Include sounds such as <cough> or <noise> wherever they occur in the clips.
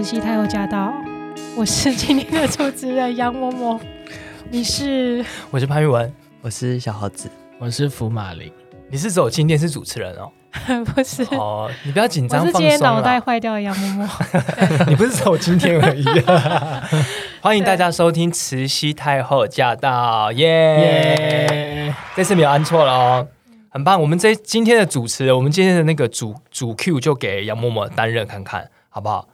慈禧太后駕到！我是今天的主持人楊嬤嬤。你是？我是潘裕文，我是小豪子，我是福馬林。你是只有今天是主持人哦？ <laughs> 不是哦，你不要緊張，我是今天腦袋壞掉的楊嬤嬤。你不是只有今天樣？ <laughs> 歡迎大家收聽《慈禧太后駕到》耶、yeah! yeah!！ <laughs> 這次沒有按錯了哦，很棒！我們這今天的主持人，我們今天的那個主主 Q 就給楊嬤嬤擔任看看，好不好？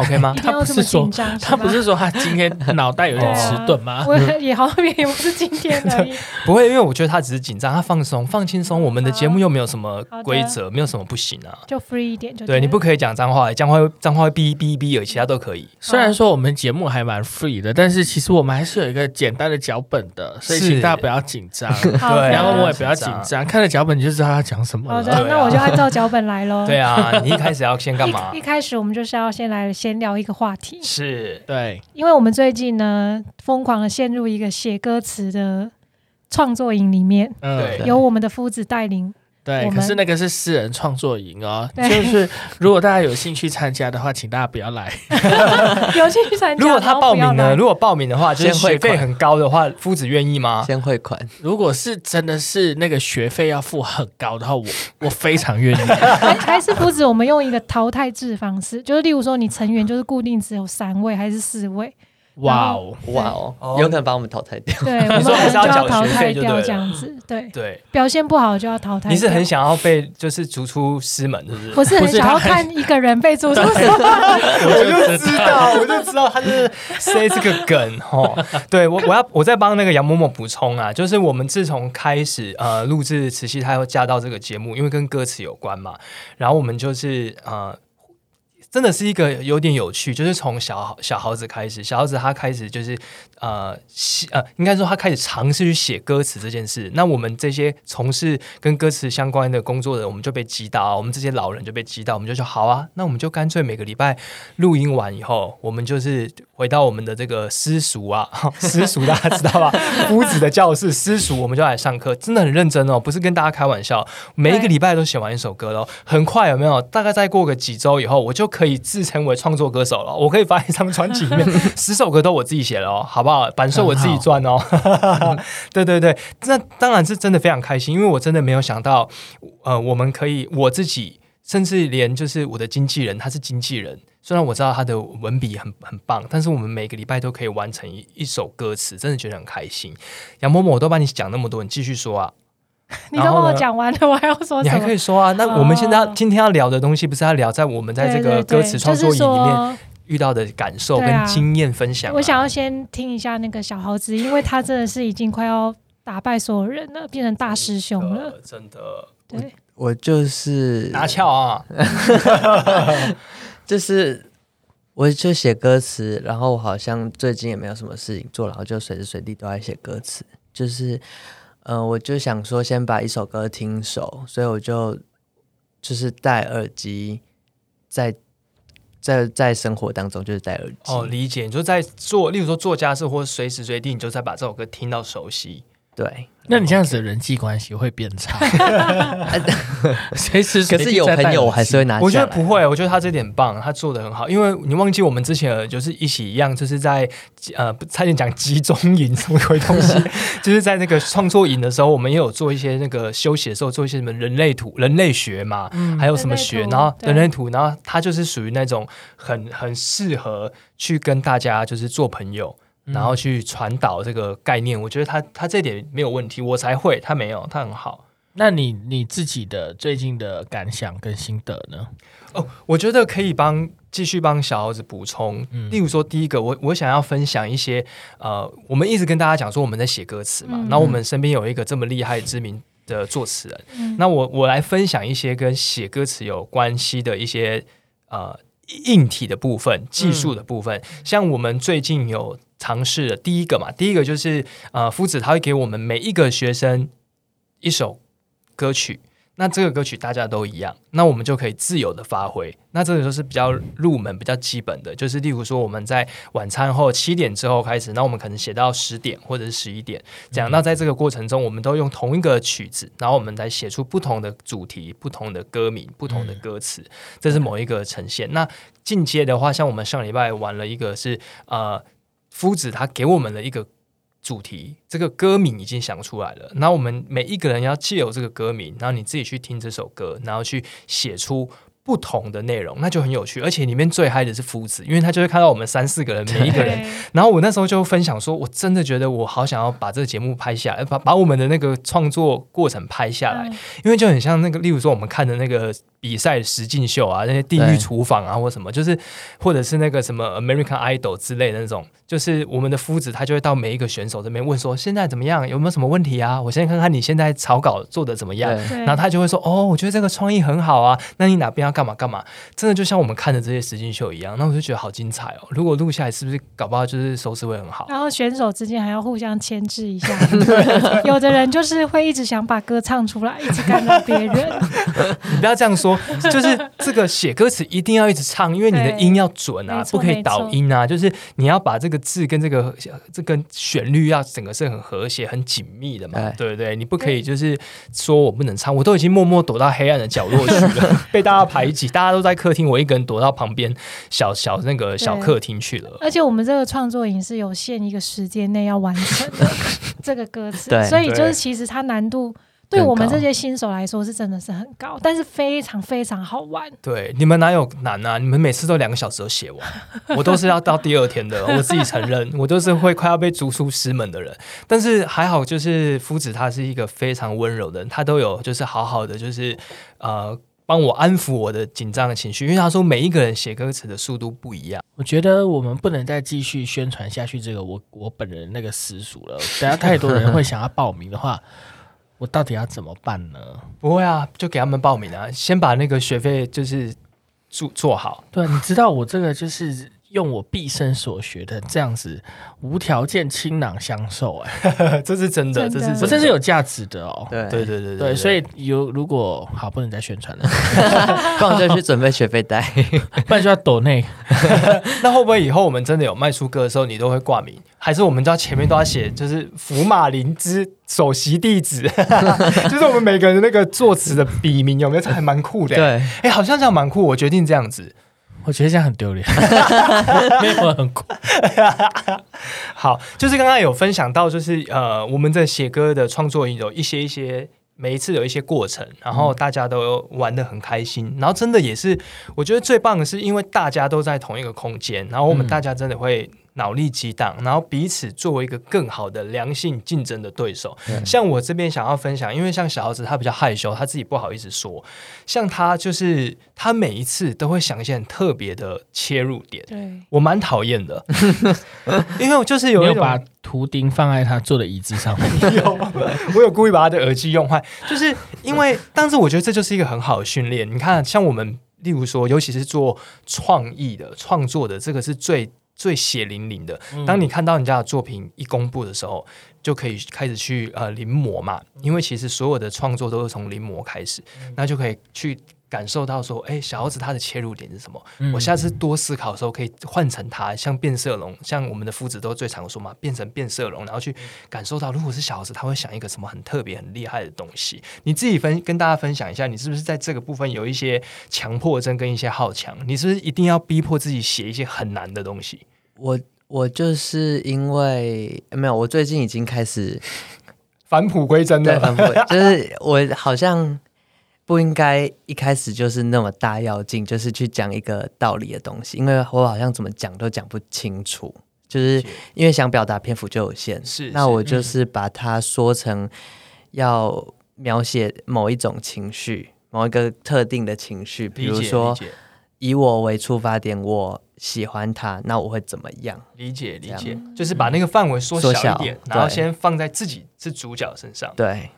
OK 嗎，嗎？他不是說，他不是說他今天腦袋有點遲鈍嗎、哦？我也好像也不是今天的。 <laughs> 不會，因為我覺得他只是緊張，他放鬆，放輕鬆。我們的節目又沒有什麼規則，沒有什麼不行啊，就 free 一點就對。對，你不可以講髒話，講話髒話會嗶嗶嗶，有其他都可以。雖然說我們節目還蠻 free 的，但是其實我們還是有一個簡單的腳本的，所以請大家不要緊張，對，然後我也不要緊張，看了腳本你就知道他講什麼。好的，那我就按照腳本來嘍。 <laughs> 對啊，你一開始要先幹嘛？一，一開始我們就是要先來先。聊一個話題是對，因為我們最近呢，瘋狂的陷入一個寫歌詞的創作營裡面，嗯、對，由我們的夫子帶領。對，可是那個是私人創作營哦，就是如果大家有興趣參加的話，請大家不要來。 <laughs> 有興趣參加？如果他報名呢，如果報名的話，就是學費很高的話，夫子願意嗎？先匯款。如果是真的是那個學費要付很高的話，我我非常願意。 <laughs> 還是夫子，我們用一個淘汰制方式，就是例如說，你成員就是固定只有三位還是四位？哇、wow, 哦、wow, 嗯，哇哦，有可能把我們淘汰掉。對，我 <laughs> 們還是要，要淘汰掉這樣子，對對，對。表現不好就要淘汰。你是很想要被就是逐出師門， <laughs> 是不是？我是很想要看一個人被逐出師門。 <laughs> <laughs> <laughs> 我就知道， <laughs> 我就知道他是塞是個梗哈、 <laughs> 哦。對我，我要我在幫那個楊某某補充啊，就是我們自從開始呃錄製《慈禧太后駕到》這個節目，因為跟歌詞有關嘛，然後我們就是呃。真的是一個有點有趣，就是從小，小猴子開始，小猴子他開始就是。呃，寫呃，應該說他開始嘗試去寫歌詞這件事。那我們這些從事跟歌詞相關的工作的人，我們就被激到啊！我們這些老人就被激到，我們就說好啊，那我們就乾脆每個禮拜錄音完以後，我們就是回到我們的這個私塾啊， <laughs> 私塾大家知道吧？ <laughs> 屋子的教室，私塾我們就來上課，真的很認真哦，不是跟大家開玩笑。每一個禮拜都寫完一首歌咯，哦，很快有沒有？大概再過個幾周以後，我就可以自稱為創作歌手了，哦。我可以發一張專輯裡面， <laughs> 十首歌都我自己寫了哦，好吧？啊，版稅我自己賺哦！嗯、 <laughs> 對對對，那當然是真的非常開心，因為我真的沒有想到，呃，我們可以我自己，甚至連就是我的經紀人，他是經紀人，雖然我知道他的文筆很很棒，但是我們每個禮拜都可以完成一一首歌詞，真的覺得很開心。楊某某，我都幫你講那麼多，你繼續說啊！你都幫我講完了，我還要說什麼？你還可以說啊？那我們現在、哦、今天要聊的東西，不是要聊在我們在這個歌詞創作營裡面？對對對就是遇到的感受跟經驗分享、啊啊。我想要先聽一下那個小豪子，因為他真的是已經快要打敗所有人了，變成大師兄了。真的，真的對我，我就是拿翹啊，哦、 <laughs> 就是我就寫歌詞，然後我好像最近也沒有什麼事情做了，我就隨時隨地都在寫歌詞。就是，嗯、呃，我就想說先把一首歌聽熟，所以我就就是戴耳機在。在在生活當中就是戴耳機。哦，理解，你就在做，例如說做家事或隨時隨地，你就在把這首歌聽到熟悉。對，那你這樣子的人際關係會變差，okay. <laughs> 誰知。哈 <laughs> 哈可，可是有朋友還是會拿，我覺得不會，我覺得他這點很棒，他做的很好。因為你忘記我們之前就是一起一樣，就是在呃差點講集中營什麼鬼東西， <laughs> 就是在那個創作營的時候，我們也有做一些那個休息的時候做一些什麼人類圖、人類學嘛、嗯，還有什麼學，然後人類圖，然後他就是屬於那種很很適合去跟大家就是做朋友。然後去傳導這個概念，嗯、我覺得他他這點沒有問題，我才會他沒有他很好。那你你自己的最近的感想跟心得呢？哦，我覺得可以幫繼續幫小豪子補充、嗯。例如說，第一個，我我想要分享一些呃，我們一直跟大家講說我們在寫歌詞嘛，那、嗯、我們身邊有一個這麼厲害知名的作詞人，嗯、那我我來分享一些跟寫歌詞有關係的一些呃。硬體的部分，技術的部分。嗯，像我們最近有嘗試的，第一個嘛，第一個就是呃，夫子他會給我們每一個學生一首歌曲。那這個歌曲大家都一樣，那我們就可以自由地發揮。那這個就是比較入門、比較基本的，就是例如說我們在晚餐後七點之後開始，那我們可能寫到十點或者是十一點這樣。那在這個過程中，我們都用同一個曲子，嗯嗯然後我們再寫出不同的主題、不同的歌名、不同的歌詞、嗯，這是某一個呈現。那進階的話，像我們上禮拜玩了一個是呃，夫子他給我們的一個。主題這個歌名已經想出來了，那我們每一個人要借由這個歌名，然後你自己去聽這首歌，然後去寫出。不同的內容，那就很有趣，而且裡面最嗨的是夫子，因為他就會看到我們三四個人每一個人，然後我那時候就分享說，我真的覺得我好想要把這個節目拍下來，把把我們的那個創作過程拍下來、嗯，因為就很像那個，例如說我們看的那個比賽實境秀啊，那些地獄廚房啊，或什麼，就是或者是那個什麼 American Idol 之類的那種，就是我們的夫子他就會到每一個選手這邊問說，現在怎麼樣，有沒有什麼問題啊？我先看看你現在草稿做的怎麼樣，然後他就會說，哦，我覺得這個創意很好啊，那你哪邊要、啊？幹嘛幹嘛？真的就像我們看的這些實境秀一樣，那我就覺得好精彩哦！如果錄下來，是不是搞不好就是收視會很好？然後選手之間還要互相牽制一下， <laughs> 對啊、 <laughs> 有的人就是會一直想把歌唱出來，一直干擾別人。 <laughs> 你不要這樣說，就是這個寫歌詞一定要一直唱，因為你的音要準啊，不可以倒音啊，導音啊。就是你要把這個字跟這個這個旋律要、啊、整個是很和諧、很緊密的嘛，哎、對不對？你不可以就是說我不能唱，我都已經默默躲到黑暗的角落去了， <laughs> 被大家排。一起，大家都在客廳，我一個人躲到旁邊小小那個小客廳去了。而且我們這個創作也是有限一個時間內要完成的 <laughs> 這個歌詞，所以就是其實它難度對，對我們這些新手來說是真的是很高，高，但是非常非常好玩。對，你們哪有難啊？你們每次都兩個小時都寫完， <laughs> 我都是要到第二天的，我自己承認， <laughs> 我都是會快要被逐出師門的人。但是還好，就是夫子他是一個非常溫柔的人，他都有就是好好的，就是呃。幫我安撫我的緊張的情緒，因為他說每一個人寫歌詞的速度不一樣。我覺得我們不能再繼續宣傳下去這個我我本人那個私塾了。等下太多人會想要報名的話， <laughs> 我到底要怎麼辦呢？不會啊，就給他們報名啊，先把那個學費就是 <laughs> 做做好。對，你知道我這個就是。用我畢生所學的這樣子無條件傾囊相授、欸，哎， <laughs> 這是真的，這是真的，這是有價值的哦、喔。對對對對，對，對，對，對所以有如果好不能再宣傳了， <laughs> 不能再去準備學費袋， <laughs> 不然就要抖內 <laughs> <laughs> 那會不會以後我們真的有賣出歌的時候，你都會掛名？ <laughs> 還是我們知道前面都要寫，就是福馬林之首席弟子， <laughs> 就是我們每個那個作詞的筆名有沒有？還蠻酷的、欸。 <laughs> 對，哎、欸，好像這樣蠻酷，我決定這樣子。我覺得這樣很丟臉， <laughs> 沒有很酷。 <laughs> 好，就是剛剛有分享到，就是呃，我們在寫歌的創作，有一些一些每一次有一些過程，然後大家都玩得很開心、嗯，然後真的也是，我覺得最棒的是，因為大家都在同一個空間，然後我們大家真的會。腦力激盪，然後彼此作為一個更好的良性競爭的對手。對，像我這邊想要分享，因為像小豪子，他比較害羞，他自己不好意思說。像他就是他每一次都會想一些很特別的切入點，對，我蠻討厭的。 <laughs> 因為我就是有，一種有把圖釘放在他坐的椅子上面， <laughs> <laughs> 我有故意把他的耳機用壞，就是因為。但是我覺得這就是一個很好的訓練。你看，像我們例如說，尤其是做創意的、創作的，這個是最。最血淋淋的，當你看到人家的作品一公布的時候，嗯就可以開始去呃臨摹嘛，因為其實所有的創作都是從臨摹開始，那就可以去感受到說，哎、欸，小豪子它的切入點是什麼？我下次多思考的時候，可以換成它，像變色龍，像我們的夫子都最常說嘛，變成變色龍，然後去感受到，如果是小豪子，他會想一個什麼很特別、很厲害的東西？你自己分跟大家分享一下，你是不是在這個部分有一些強迫症跟一些好強？你是不是一定要逼迫自己寫一些很難的東西？我。我就是因為沒有，我最近已經開始返璞歸真了。返 <laughs> 璞就是我好像不應該一開始就是那麼大要勁，就是去講一個道理的東西，嗯，因為我好像怎麼講都講不清楚，就是因為想表達篇幅就有限，是那我就是把它說成要描寫某一種情緒，嗯、某一個特定的情緒，比如說。以我為出發點，我喜歡他，那我會怎麼樣？理解理解，就是把那個範圍縮小，嗯、縮小一點，然後先放在自己是主角身上。對，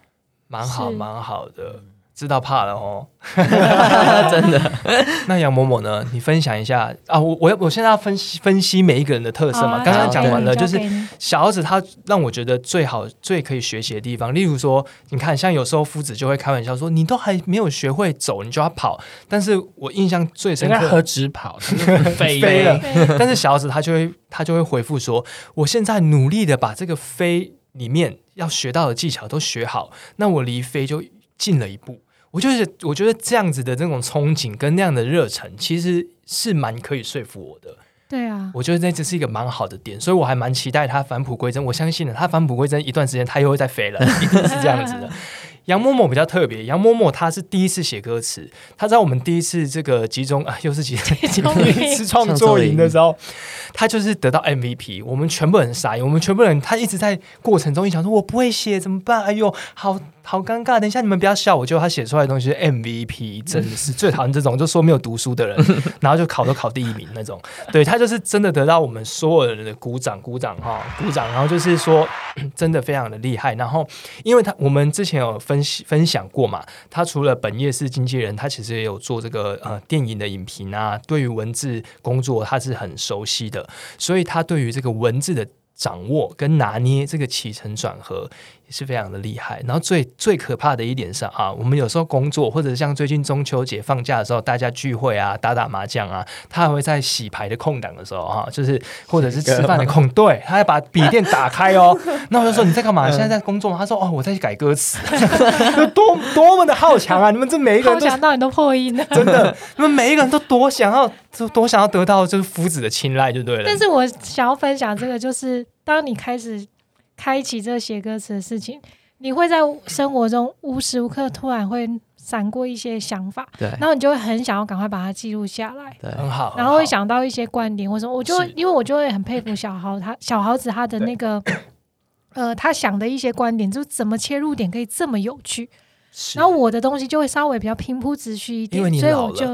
蠻好蠻好的。知道怕了哦， <laughs> 真的。 <laughs> 那楊某某呢？你分享一下啊！我我要我現在要分析分析每一個人的特色嘛。剛剛講完了，就是小兒子他讓我覺得最好最可以學習的地方。Okay. 例如說，你看，像有時候夫子就會開玩笑說：“你都還沒有學會走，你就要跑。”但是我印象最深刻何止跑他就飛了 <laughs> 飛了，但是小兒子他就會他就會回復說：“我現在努力的把這個飛裡面要學到的技巧都學好，那我離飛就。”進了一步，我就是我覺得這樣子的那種憧憬跟那樣的熱忱，其實是蠻可以說服我的。對啊，我覺得那只是一個蠻好的點，所以我還蠻期待他返璞歸真。我相信了，他返璞歸真一段時間，他又會再飛了，一 <laughs> 定是這樣子的。楊某某比較特別，楊某某他是第一次寫歌詞，他知道我們第一次這個集中啊，又是集中創作營的時候，他就是得到 MVP，我們全部人傻眼，我們全部人他一直在過程中一想說，我不會寫怎麼辦？哎呦，好。好尷尬，等一下你們不要笑我，就他寫出來的東西是，MVP <laughs> 真的是最討厭這種，就說沒有讀書的人， <laughs> 然後就考都考第一名那種。對，他就是真的得到我們所有人的鼓掌，鼓掌哈，鼓掌。然後就是說真的非常的厲害。然後因為他我們之前有分析分享過嘛，他除了本業是經紀人，他其實也有做這個呃電影的影評啊，對於文字工作他是很熟悉的，所以他對於這個文字的掌握跟拿捏，這個起承轉合，是非常的厲害，然後最最可怕的一點是啊，我們有時候工作或者像最近中秋節放假的時候，大家聚會啊，打打麻將啊，他還會在洗牌的空檔的時候啊，就是或者是吃飯的空，對，他要把筆電打開哦。那 <laughs> 我就說你在幹嘛？ <laughs> 現在在工作嗎？他說哦，我在改歌詞， <laughs> 有多多麼的好強啊！你們這每一個人都想到你都破音了，真的，你們每一個人都多想要，多想要得到就是夫子的青睞，就對了。但是我想要分享這個，就是當你開始。開啟這寫歌詞的事情，你會在生活中無時無刻突然會閃過一些想法，對，然後你就會很想要趕快把它記錄下來，對，很好。然後會想到一些觀點，或者我就會，因為我就會很佩服小豪他，他小豪子他的那個，呃，他想的一些觀點，就怎麼切入點可以這麼有趣。是然後我的東西就會稍微比較平鋪直敘一點因為你，所以我就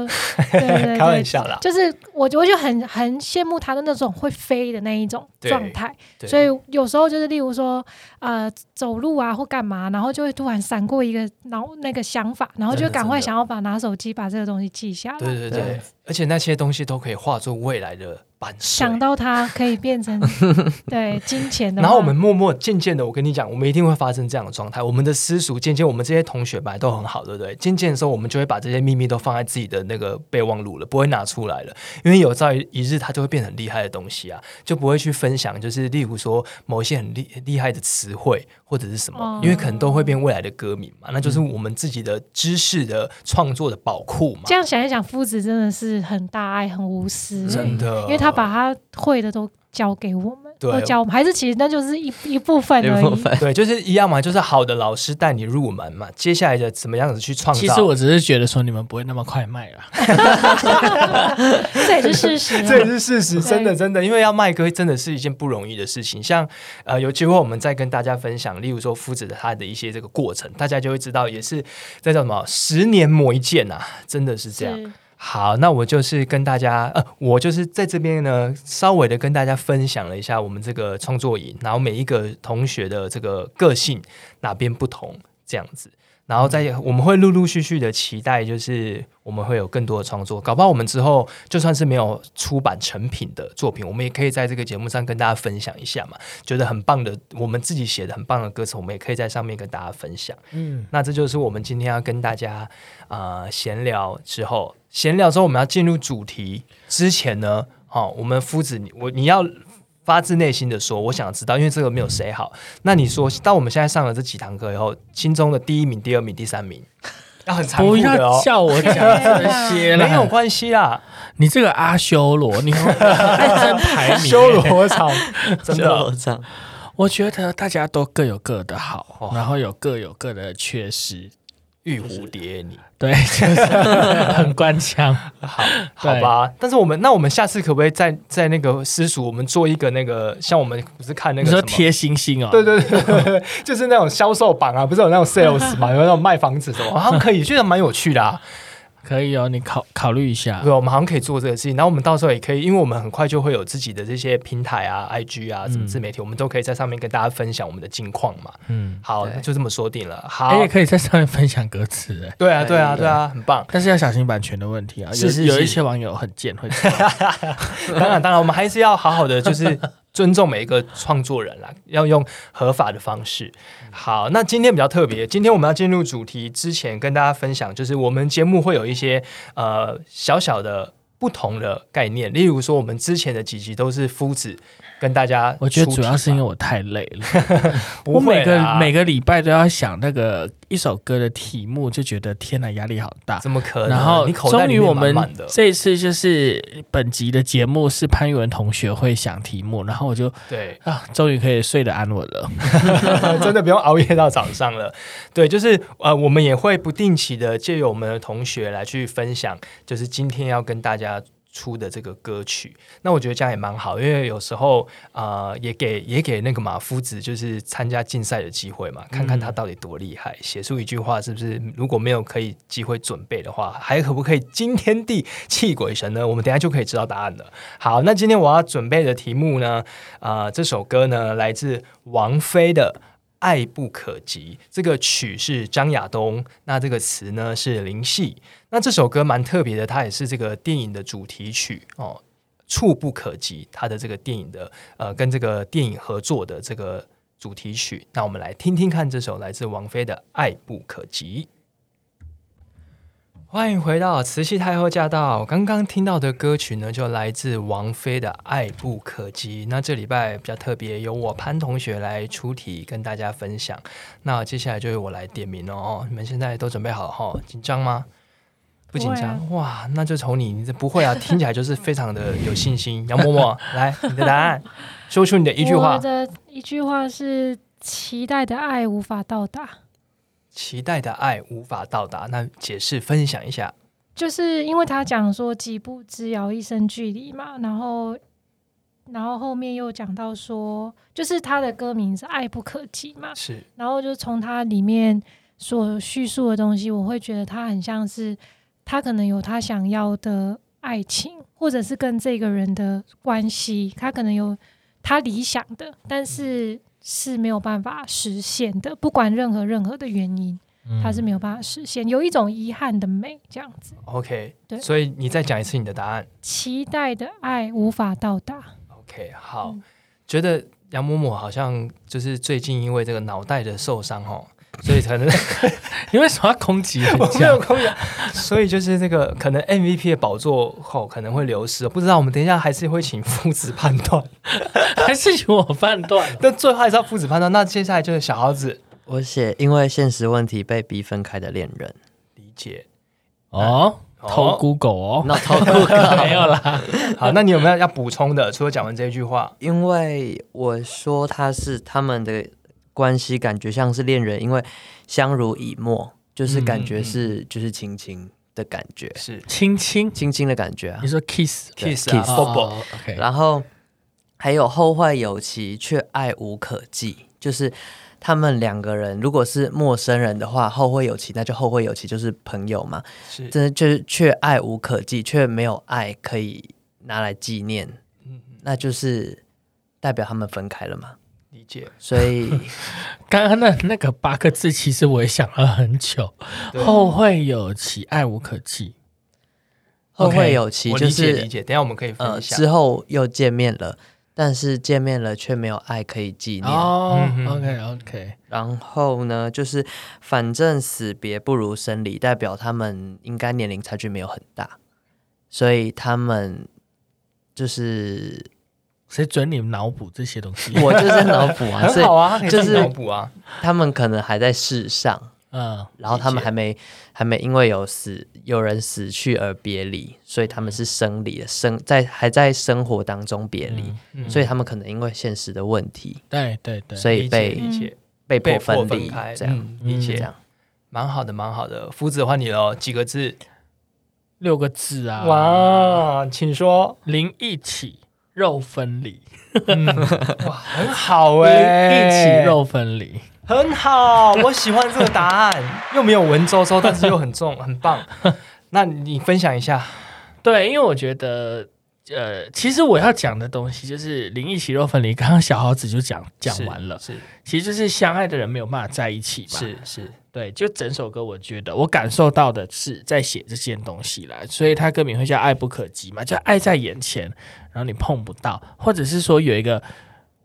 對對對。 <laughs> 開玩笑了，就是我我就很很羨慕他的那種會飛的那一種狀態。所以有時候就是例如說呃走路啊或幹嘛，然後就會突然閃過一個然後那個想法，然後就趕快想要把拿手機把這個東西記下來，對對對，對，對，而且那些東西都可以化作未來的。想到它可以變成 <laughs> 對金錢的，然後我們默默漸漸的，我跟你講，我們一定會發生這樣的狀態。我們的私塾漸漸，我們這些同學本來都很好，對不對？漸漸的時候，我們就會把這些秘密都放在自己的那個備忘錄了，不會拿出來了，因為有朝一日它就會變成很厲害的東西啊，就不會去分享。就是例如說，某一些很厲厲害的詞彙。或者是什麼，嗯？因為可能都會變未來的歌迷嘛，那就是我們自己的知識的創作的寶庫嘛。這樣想一想，夫子真的是很大愛，很無私，真的，因為他把他會的都。交給我們，對，都交還是其實那就是一一部分一部分對，就是一樣嘛，就是好的老師帶你入門嘛。接下來的怎麼樣子去創造？其實我只是覺得說，你們不會那麼快賣了， <laughs> <laughs> <laughs> <laughs> 這也是事實， <laughs> 這也是事實，真的真的，因為要賣歌真的是一件不容易的事情。像呃，有機會我們再跟大家分享，例如說夫子的他的一些這個過程，大家就會知道，也是在叫什麼十年磨一劍啊，真的是這樣。好，那我就是跟大家，呃，我就是在這邊呢，稍微的跟大家分享了一下我們這個創作營，然後每一個同學的這個個性哪邊不同，這樣子。然後再我們會陸陸續續的期待，就是我們會有更多的創作，搞不好我們之後就算是沒有出版成品的作品，我們也可以在這個節目上跟大家分享一下嘛。覺得很棒的，我們自己寫的很棒的歌詞，我們也可以在上面跟大家分享。嗯，那這就是我們今天要跟大家啊、呃、閒聊之後，閒聊之後我們要進入主題之前呢，好、哦，我們夫子，我你要。發自內心的說，我想知道，因為這個沒有誰好。那你說，當我們現在上了這幾堂課以後，心中的第一名、第二名、第三名，要很殘酷，不要叫我講這些 <laughs> 沒有關係啦，你這個阿修羅，你愛爭排名。 <laughs> 修羅羅場，修羅場。我覺得大家都各有各的好、哦，然後有各有各的缺失。玉蝴蝶，你。對，就是、 <laughs> 很官腔，好，好吧。但是我們，那我們下次可不可以在在那個私塾，我們做一個那個，像我們不是看那個你說貼星星啊。對對對， <laughs> <laughs> 就是那種銷售榜啊，不是有那種 sales 嘛。 <laughs> 有那種賣房子的，啊，可以，覺得蠻有趣的啊。 <laughs> 可以哦，你考考慮一下。對，我們好像可以做這個事情。然後我們到時候也可以，因為我們很快就會有自己的這些平台啊、IG 啊什麼自媒體、嗯，我們都可以在上面跟大家分享我們的近況嘛。嗯，好，就這麼說定了。好，也、哎，可以在上面分享歌詞。對啊，對啊，對啊對對，對啊，很棒。但是要小心版權的問題啊，是、是、是有有一些網友很賤，很賤。 <laughs> <laughs> 當然，當然，我們還是要好好的，就是。 <laughs> 尊重每一個創作人啦，要用合法的方式。好，那今天比較特別，今天我們要進入主題之前，跟大家分享，就是我們節目會有一些呃小小的不同的概念，例如說，我們之前的幾集都是夫子。跟大家，我覺得主要是因為我太累了。 <laughs> 啊、我每個每個禮拜都要想那個一首歌的題目，就覺得天吶、啊、壓力好大。怎麼可能？然後終於我們這一次就是本集的節目是潘裕文同學會想題目，然後我就對，終、啊、於可以睡得安穩了， <laughs> 真的不用熬夜到早上了。對，就是呃，我們也會不定期的借由我們的同學來去分享，就是今天要跟大家。出的這個歌曲，那我覺得這樣也蠻好，因為有時候啊、呃，也給也給那個馬夫子就是參加競賽的機會嘛，看看他到底多厲害、嗯，寫出一句話是不是？如果沒有可以機會準備的話，還可不可以驚天地泣鬼神呢？我們等下就可以知道答案了。好，那今天我要準備的題目呢，啊、呃，這首歌呢來自王菲的。愛不可及，這個曲是張亞東，那這個詞呢是林夕，那這首歌蠻特別的，它也是這個電影的主題曲哦。觸不可及，它的這個電影的呃，跟這個電影合作的這個主題曲，那我們來聽聽看這首來自王菲的《愛不可及》。歡迎回到慈禧太后駕到！剛剛聽到的歌曲呢，就來自王菲的《愛不可及》。那這禮拜比較特別，由我潘同學來出題跟大家分享。那接下來就由我來點名哦，你們現在都準備好哈、哦？緊張嗎？不緊張。啊、哇，那就從你，你這不會啊？聽起來就是非常的有信心。 <laughs> 楊嬤嬤，來你的答案，說出你的一句話。我的一句話是：期待的愛無法到達。期待的愛無法到達，那解釋分享一下，就是因為他講說幾步之遙一生距離嘛，然後，然後後面又講到說，就是他的歌名是《愛不可及》嘛，是，然後就從他裡面所敘述的東西，我會覺得他很像是他可能有他想要的愛情，或者是跟這個人的關係，他可能有他理想的，但是。是沒有辦法實現的，不管任何任何的原因，嗯、它是沒有辦法實現，有一種遺憾的美這樣子。OK，所以你再講一次你的答案。期待的愛無法到達。OK，好，嗯、覺得楊某某好像就是最近因為這個腦袋的受傷、哦所以才能 <laughs> 你為什麼要攻擊？ <laughs> 我沒有攻擊。所以就是那、這個可能 MVP 的寶座後、哦、可能會流失，不知道我們等一下還是會請夫子判斷，還是由我判斷？ <laughs> 但最後還是要夫子判斷。那接下來就是小豪子，我寫因為現實問題被逼分開的戀人，理解、啊、哦，偷 Google 哦，那偷 Google <laughs> 沒有了。好，那你有沒有要補充的？除了講完這一句話，因為我說他是他們的。關係感覺像是戀人，因為相濡以沫、嗯，就是感覺是、嗯、就是親親的感覺，是親親親親的感覺、啊。你說 kiss kiss、啊、kiss，, kiss、oh, okay. 然後還有後會有期，卻愛無可及，就是他們兩個人如果是陌生人的話，後會有期，那就後會有期，就是朋友嘛。是，真的就是卻愛無可及，卻沒有愛可以拿來紀念，那就是代表他們分開了嘛。所以， <laughs> 剛剛那那個八個字，其實我也想了很久。後會有期，愛無可及。Okay, 後會有期，就是我理解，理解。等下我們可以分享、呃。之後又見面了，但是見面了卻沒有愛可以紀念。哦、oh,，OK，OK、okay, okay. 嗯。然後呢，就是反正死別不如生離，代表他們應該年齡差距沒有很大，所以他們就是。誰准你腦補這些東西？ <laughs> 我就是在腦補啊，很好啊，就是腦補啊。他們可能還在世上， <laughs> 嗯，然後他們還沒還沒因為有死有人死去而別離，所以他們是生離的生，在還在生活當中別離，嗯嗯，所以他們可能因為現實的問題，對對對，所以被一切被迫分離被迫分開這樣，理，嗯、解這樣，蠻好的，蠻好的。夫子換你嘍，幾個字？六個字啊？哇，請說，靈一起。肉分離、 <laughs> 嗯，哇，很好哎、欸！一起肉分離，很好，我喜歡這個答案， <laughs> 又沒有文縐縐，但是又很重，很棒。 <laughs> 那你，你分享一下？對，因為我覺得，呃，其實我要講的東西就是靈異起肉分離。剛剛小豪子就講講完了是，是，其實就是相愛的人沒有辦法在一起嘛，是是。對，就整首歌，我覺得我感受到的是在寫這件東西了，所以他歌名會叫《愛不可及》嘛，就愛在眼前，然後你碰不到，或者是說有一個，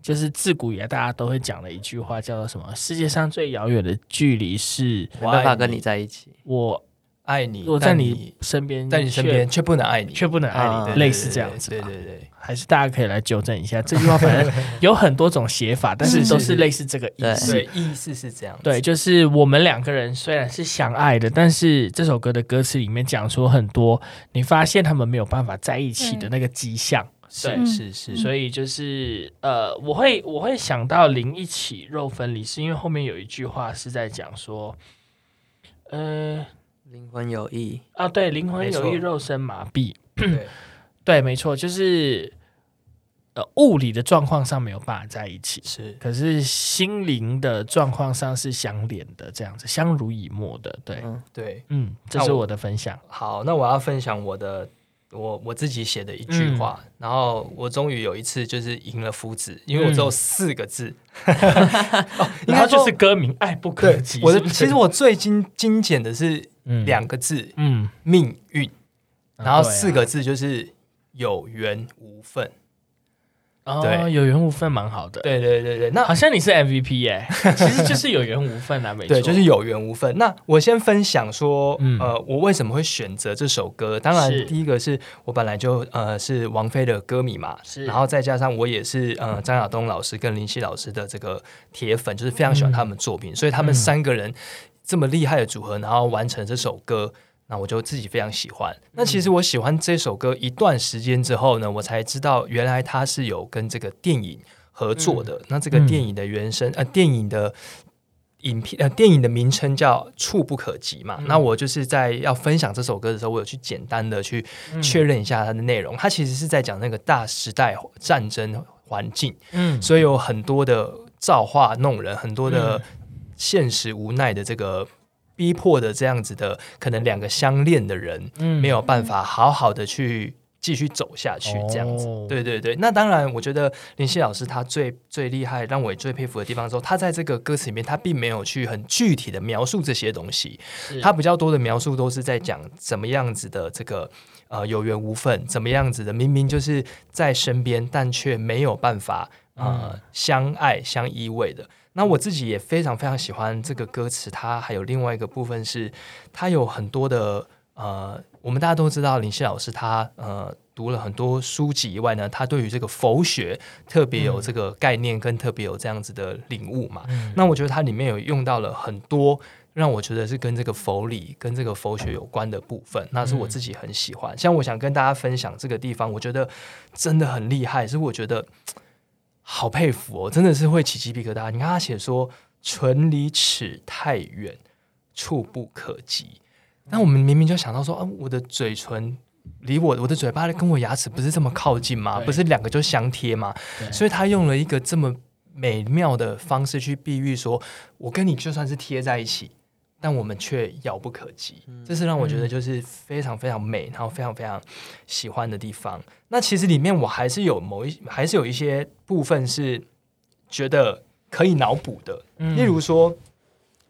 就是自古以來大家都會講的一句話，叫做什麼？世界上最遙遠的距離是沒辦法跟你在一起。我。愛你，在你身邊，在你身邊卻不能愛你，卻不能愛你，啊、對對對對對類似這樣子。對對對，對、啊，還是大家可以來糾正一下這句話本來。反 <laughs> 正有很多種寫法，但是都是類似這個意思。是是是對，對，意思是這樣。對，就是我們兩個人雖然是相愛的，但是這首歌的歌詞裡面講出很多你發現他們沒有辦法在一起的那個跡象。嗯、對，是是。所以就是呃，我會我會想到靈一起肉分離，是因為後面有一句話是在講說，呃。靈魂有意啊，對，靈魂有意，肉身麻痹 <coughs> 對。對，沒錯，就是呃，物理的狀況上沒有辦法在一起，是，可是心靈的狀況上是相連的，這樣子相濡以沫的，對、嗯，對，嗯，這是我的分享。好，那我要分享我的。我我自己寫的一句話、嗯，然後我終於有一次就是贏了夫子，嗯、因為我只有四個字，應該、嗯 <laughs> <laughs> 哦、就是“歌名愛不可及。” <laughs> 我的 <laughs> 其實我最精精簡的是兩個字，嗯，命運，嗯、然後四個字就是有緣無分。啊 <laughs> 哦、oh，有緣無分蠻好的。對對對對，那好像你是 MVP 哎，、欸， <laughs> 其實就是有緣無分啊，沒，對，就是有緣無分。那我先分享說、嗯，呃，我為什麼會選擇這首歌？當然，第一個是我本來就呃是王菲的歌迷嘛，然後再加上我也是呃張亞東老師跟林夕老師的這個鐵粉，就是非常喜歡他們的作品、嗯，所以他們三個人這麼厲害的組合，然後完成這首歌。那我就自己非常喜歡。那其實我喜歡這首歌、嗯、一段時間之後呢，我才知道原來它是有跟這個電影合作的。嗯、那這個電影的原聲、嗯、呃，電影的影片呃，電影的名稱叫《觸不可及》嘛、嗯。那我就是在要分享這首歌的時候，我有去簡單的去確認一下它的內容。它、嗯、其實是在講那個大時代戰爭環境，嗯，所以有很多的造化弄人，很多的現實無奈的這個。逼迫的這樣子的，可能兩個相戀的人、嗯、沒有辦法好好的去繼續走下去，嗯、這樣子、哦。對對對，那當然，我覺得林夕老師他最最厲害，讓我也最佩服的地方是，他在這個歌詞裡面，他並沒有去很具體的描述這些東西，他比較多的描述都是在講怎麼樣子的這個呃有緣無分，怎麼樣子的明明就是在身邊，但卻沒有辦法呃、嗯、相愛相依偎的。那我自己也非常非常喜歡這個歌詞，它還有另外一個部分是，它有很多的呃，我們大家都知道林夕老師他呃讀了很多書籍以外呢，他對於這個佛學特別有這個概念、嗯、跟特別有這樣子的領悟嘛、嗯。那我覺得它裡面有用到了很多讓我覺得是跟這個佛理跟這個佛學有關的部分，那是我自己很喜歡、嗯。像我想跟大家分享這個地方，我覺得真的很厲害，是我覺得。好佩服哦，真的是會起雞皮疙瘩、啊。你看他寫說“唇離齒太遠，觸不可及”，那我們明明就想到說，嗯、啊，我的嘴唇離我我的嘴巴，跟我牙齒不是這麼靠近嗎？不是兩個就相貼嗎？所以他用了一個這麼美妙的方式去比喻說，說我跟你就算是貼在一起，但我們卻遙不可及，這是讓我覺得就是非常非常美，嗯，然後非常非常喜歡的地方。那其實裡面我還是有某一，還是有一些部分是覺得可以腦補的，嗯，例如說，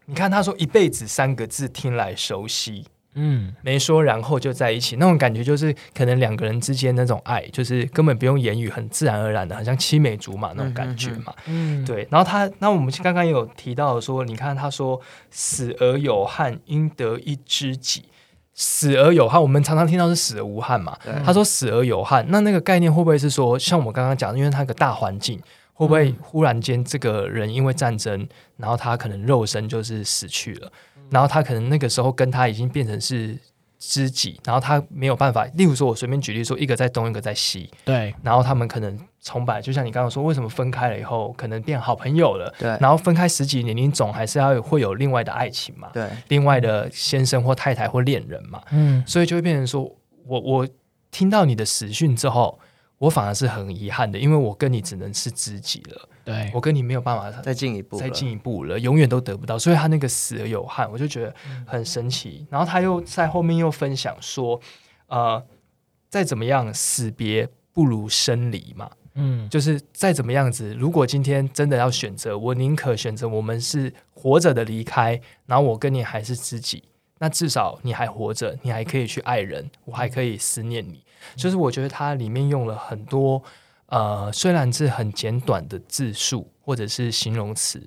你看他說“一輩子”三個字，聽來熟悉。嗯，沒說，然後就在一起，那種感覺就是可能兩個人之間那種愛，就是根本不用言語，很自然而然的，好像青梅竹馬那種感覺嘛。嗯哼哼，對嗯。然後他，那我們剛剛有提到說，你看他說“死而有憾，應得一知己；死而有憾”，我們常常聽到是“死而無憾”嘛。他說“死而有憾”，那那個概念會不會是說，像我們剛剛講的，因為他有個大環境，會不會忽然間這個人因為戰爭，嗯、然後他可能肉身就是死去了？然後他可能那個時候跟他已經變成是知己，然後他沒有辦法。例如說，我隨便舉例說，一個在東，一個在西，對。然後他們可能崇拜，就像你剛剛說，為什麼分開了以後可能變好朋友了？對。然後分開十幾年，你總還是要會有另外的愛情嘛？對。另外的先生或太太或戀人嘛？嗯。所以就會變成說，我我聽到你的死訊之後。我反而是很遺憾的，因為我跟你只能是知己了。對。我跟你沒有辦法再進一步，再進一步了，步了了永遠都得不到。所以他那個死而有憾，我就覺得很神奇。嗯、然後他又在後面又分享說，呃，再怎麼樣，死別不如生離嘛。嗯，就是再怎麼樣子，如果今天真的要選擇，我寧可選擇我們是活着的離開，然後我跟你還是知己，那至少你還活着，你還可以去愛人，嗯、我還可以思念你。就是我覺得它裡面用了很多呃，雖然是很簡短的字數或者是形容詞，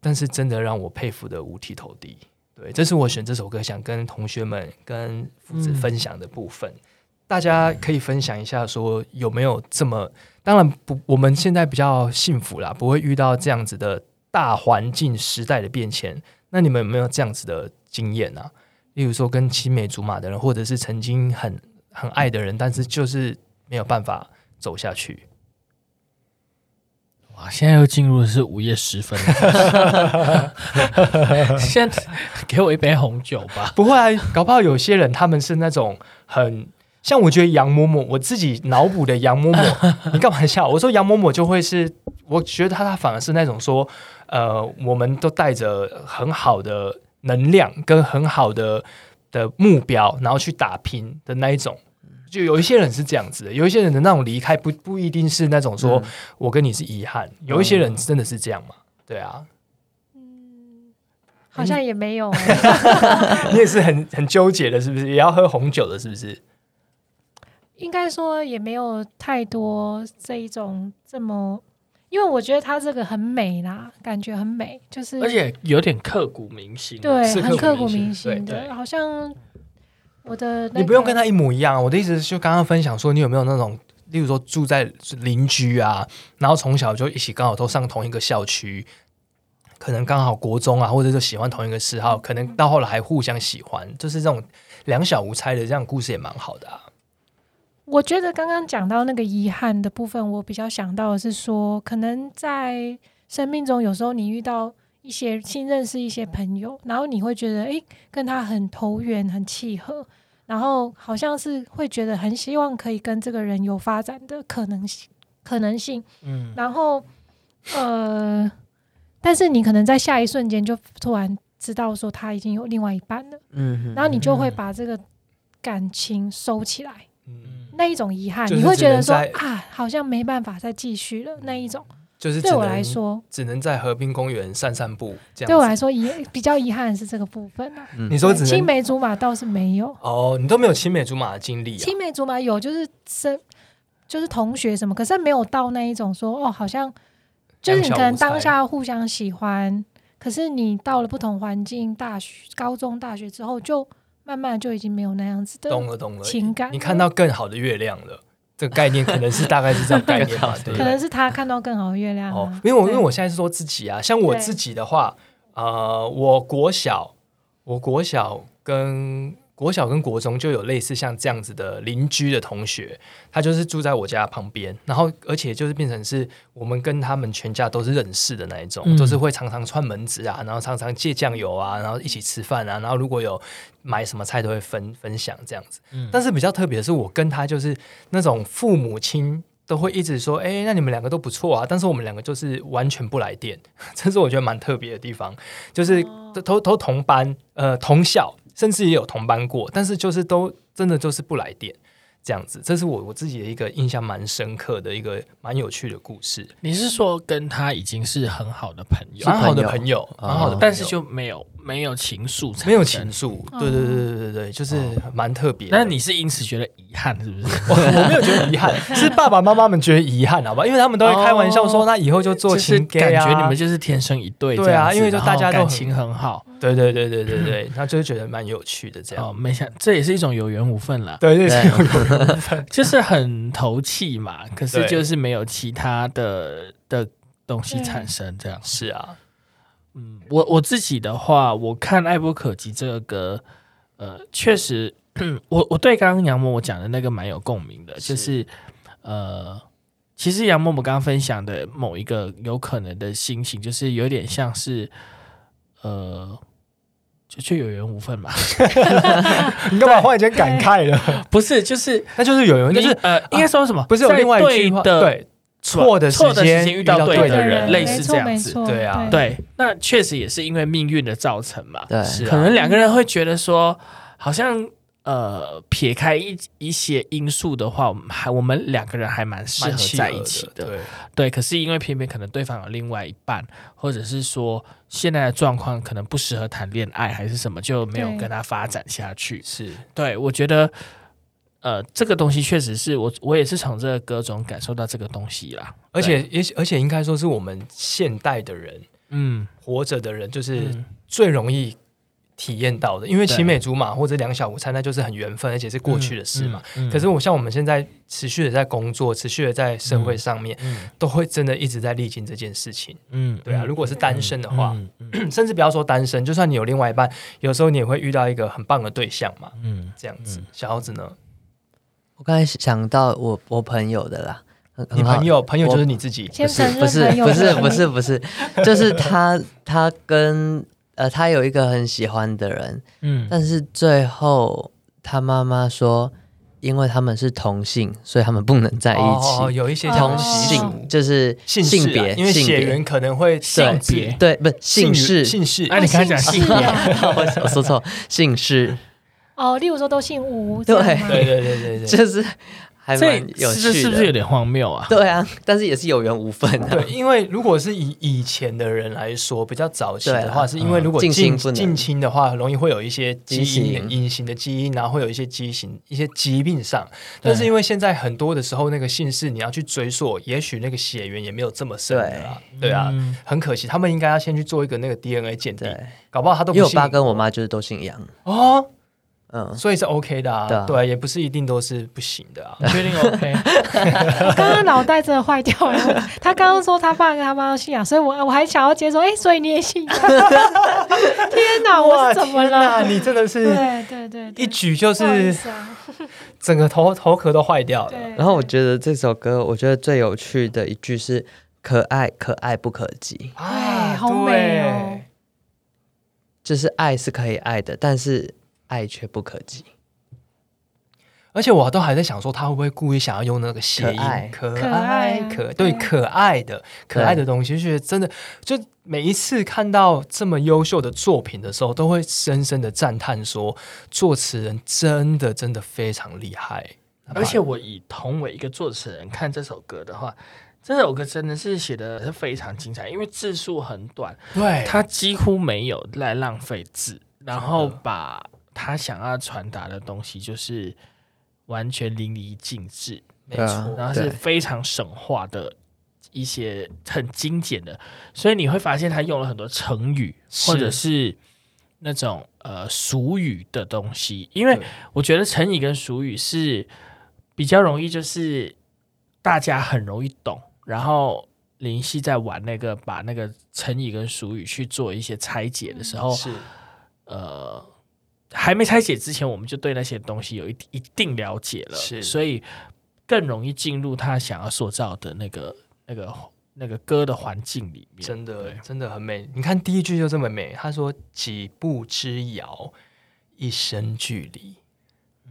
但是真的讓我佩服得五體投地。對，這是我選這首歌想跟同學們跟夫子分享的部分，嗯、大家可以分享一下說，說有沒有這麼？當然不，我們現在比較幸福啦，不會遇到這樣子的大環境時代的變遷。那你們有沒有這樣子的經驗呢、啊？例如說，跟青梅竹馬的人，或者是曾經很，很愛的人，但是就是沒有辦法走下去。哇，現在又進入的是午夜時分， <laughs> <laughs> <laughs> 先給我一杯紅酒吧。不會啊，搞不好有些人他們是那種很像，我覺得楊某某，我自己腦補的楊某某， <laughs> 你幹嘛笑？我說楊某某就會是，我覺得他他反而是那種說，呃，我們都帶着很好的能量跟很好的的目標，然後去打拼的那一種。就有一些人是這樣子的，有一些人的那種離開不不一定是那種說我跟你是遺憾，嗯，有一些人真的是這樣嘛？對啊，嗯，好像也沒有、欸。 <laughs> <laughs> 你也是很很糾結的，是不是？也要喝紅酒的，是不是？應該說也沒有太多這一種這麼，因為我覺得他這個很美啦，感覺很美，就是而且有點刻骨銘心，對心，很刻骨銘心的，對，對，對，好像。我的你、那個、不用跟他一模一樣。我的意思是就剛剛分享說，你有沒有那種，例如說住在鄰居啊，然後從小就一起，剛好都上同一個校區，可能剛好國中啊，或者是喜歡同一個嗜好，可能到後來還互相喜歡，就是這種兩小無猜的這樣故事也蠻好的啊。我覺得剛剛講到那個遺憾的部分，我比較想到的是說，可能在生命中有時候你遇到。一些新認識一些朋友，然後你會覺得，誒、欸、跟他很投緣，很契合，然後好像是會覺得很希望可以跟這個人有發展的可能性，可能性。嗯。然後，呃， <laughs> 但是你可能在下一瞬間就突然知道說他已經有另外一半了。嗯。然後你就會把這個感情收起來。嗯、那一種遺憾、就是，你會覺得說啊，好像沒辦法再繼續了。那一種。就是對我來說，只能在和平公園散散步，這樣子。對我來說，遺比較遺憾是這個部分啊。 <laughs> 你說只能，青梅竹馬倒是沒有。哦，你都沒有青梅竹馬的經歷啊？青梅竹馬有，就是是就是同學什麼，可是沒有到那一種說哦，好像就是你可能當下互相喜歡，可是你到了不同環境，大學、高中、大學之後，就慢慢就已經沒有那樣子的。懂了，懂了。情感，你看到更好的月亮了。 <laughs> 這個概念可能是大概是這樣，概念吧。對。 <laughs> 可能是他看到更好的月亮啊。哦，因為我因為我現在是說自己啊，像我自己的話，呃，我國小，我國小跟。國小跟國中就有類似像這樣子的鄰居的同學，他就是住在我家旁邊，然後而且就是變成是我們跟他們全家都是認識的那一種，嗯、就是會常常串門子啊，然後常常借醬油啊，然後一起吃飯啊，然後如果有買什麼菜都會分分享這樣子。嗯、但是比較特別的是，我跟他就是那種父母親都會一直說，哎、欸，那你們兩個都不錯啊，但是我們兩個就是完全不來電，這是我覺得蠻特別的地方，就是都都同班呃同校。甚至也有同班過，但是就是都真的就是不來電這樣子，這是我我自己的一個印象蠻深刻的一個蠻有趣的故事。你是說跟他已經是很好的朋友？很好的朋友，很好的，哦，好的，但是就沒有。沒有情愫，沒有情愫，對對對對對對、哦，就是蠻特別的。那你是因此覺得遺憾，是不是？ <laughs> 我沒有覺得遺憾， <laughs> 是爸爸媽媽們覺得遺憾，好吧？因為他們都會開玩笑說，哦、那以後就做親家，感覺、啊、你們就是天生一對。對啊，因為就大家都感情很好。對對對對對對，他、嗯、就覺得蠻有趣的這樣、哦。沒想，這也是一種有緣無份了。對，對對、對 <laughs> <laughs> 就是很投契嘛。可是就是沒有其他的的東西產生，這樣是啊。嗯，我我自己的話，我看《愛不可及》這個歌，呃，確實，嗯、我我對剛剛楊默我講的那個蠻有共鳴的，就是，呃，其實楊默我剛剛分享的某一個有可能的心情，就是有點像是，呃，就卻有緣無份嘛。 <laughs> <laughs> 你幹嘛忽然間感慨了？ <laughs> 不是，就是那就是有緣，就是呃、嗯，應該說什麼？啊、不是有另外一句話在對的錯，錯的時間遇到對的人，類似這樣子，對啊，對，那確實也是因為命運的造成嘛，對，啊，可能兩個人會覺得說，好像呃，撇開一一些因素的話，我們還我們兩個人還蠻適合在一起的，的，對，對，可是因為偏偏可能對方有另外一半，或者是說現在的狀況可能不適合談戀愛，還是什麼，就沒有跟他發展下去，對是，對我覺得。呃，這個東西確實是我，我也是從這個歌中感受到這個東西啦。而且，而且，而且，應該說是我們現代的人，嗯，活着的人，就是最容易體驗到的。嗯、因為青梅竹馬或者兩小無猜，那就是很緣分，而且是過去的事嘛、嗯嗯嗯。可是我像我們現在持續的在工作，持續的在社會上面、嗯嗯，都會真的一直在歷經這件事情。嗯，對啊。如果是單身的話，嗯嗯、 <coughs> 甚至不要說單身，就算你有另外一半，有時候你也會遇到一個很棒的對象嘛。嗯，這樣子，嗯嗯、小豪子呢？我剛才想到我我朋友的啦，你朋友朋友就是你自己，不是不是不是不是不是，就是他他跟呃他有一個很喜歡的人，嗯，但是最後他媽媽說，因為他們是同性，所以他們不能在一起。哦哦哦有一些同性、哦、就是性別、啊，因為血緣可能會性別對，對不？姓氏姓氏，哎，你剛剛講性別，我說錯，姓氏。哦，例如說都姓吳，對對，對對對對，就是還蠻有趣，這是不是有點荒謬啊？對啊，但是也是有緣無分、啊嗯。對，因為如果是以以前的人來說，比較早期的話，是因為如果近、嗯、近，親近親的話，容易會有一些基因、基隱形的基因，然後會有一些畸形、一些疾病上對。但是因為現在很多的時候，那個姓氏你要去追溯，也許那個血緣也沒有這麼深的啊。對，對啊、嗯，很可惜，他們應該要先去做一個那個 DNA 鑑定，對，搞不好他都因為我爸跟我媽就是都姓楊嗯，所以是 OK 的啊，對，對，也不是一定都是不行的啊。確定 OK？ <laughs> 剛剛腦袋真的壞掉了。 <laughs> 他剛剛說他爸跟他媽都信仰、啊，所以我我還想要接受。哎、欸，所以你也信、啊？ <laughs> 天哪，我是怎麼了？你真的是對對對，一舉就是整個頭頭殼都壞掉了。然後我覺得這首歌，我覺得最有趣的一句是“可愛可愛不可及”，哎，好美哦。就是愛是可以愛的，但是。愛卻不可及，而且我都還在想說，他會不會故意想要用那個諧音可愛、可愛、可，可對可愛的可愛的東西？覺、嗯、得真的，就每一次看到這麼優秀的作品的時候，都會深深的讚嘆說，說作詞人真的真的非常厲害。而且我以同為一個作詞人看這首歌的話，這首歌真的是寫的是非常精彩，因為字數很短，對它幾乎沒有在浪費字，然後把。他想要傳達的東西就是完全淋漓盡致，沒錯、啊，然後是非常省話的一些很精簡的，所以你會發現他用了很多成語或者是那種呃俗語的東西，因為我覺得成語跟俗語是比較容易，就是大家很容易懂，然後林夕在玩那個把那個成語跟俗語去做一些拆解的時候，是呃。還沒拆解之前，我們就對那些東西有一一定了解了，是，所以更容易進入他想要塑造的那個、那個、那個歌的環境裡面。真的，真的很美。你看第一句就這麼美，他說“幾步之遙，一生距離”。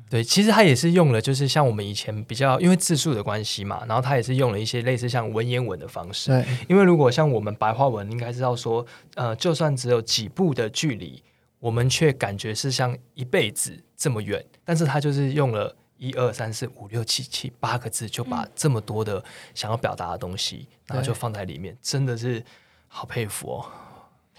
對，其實他也是用了，就是像我們以前比較因為字數的關係嘛，然後他也是用了一些類似像文言文的方式。對，因為如果像我們白話文，應該知道說，呃，就算只有幾步的距離。我們卻感覺是像一輩子這麼遠，但是他就是用了一二三四五六七七八個字，就把這麼多的想要表達的東西、嗯，然後就放在裡面，真的是好佩服哦！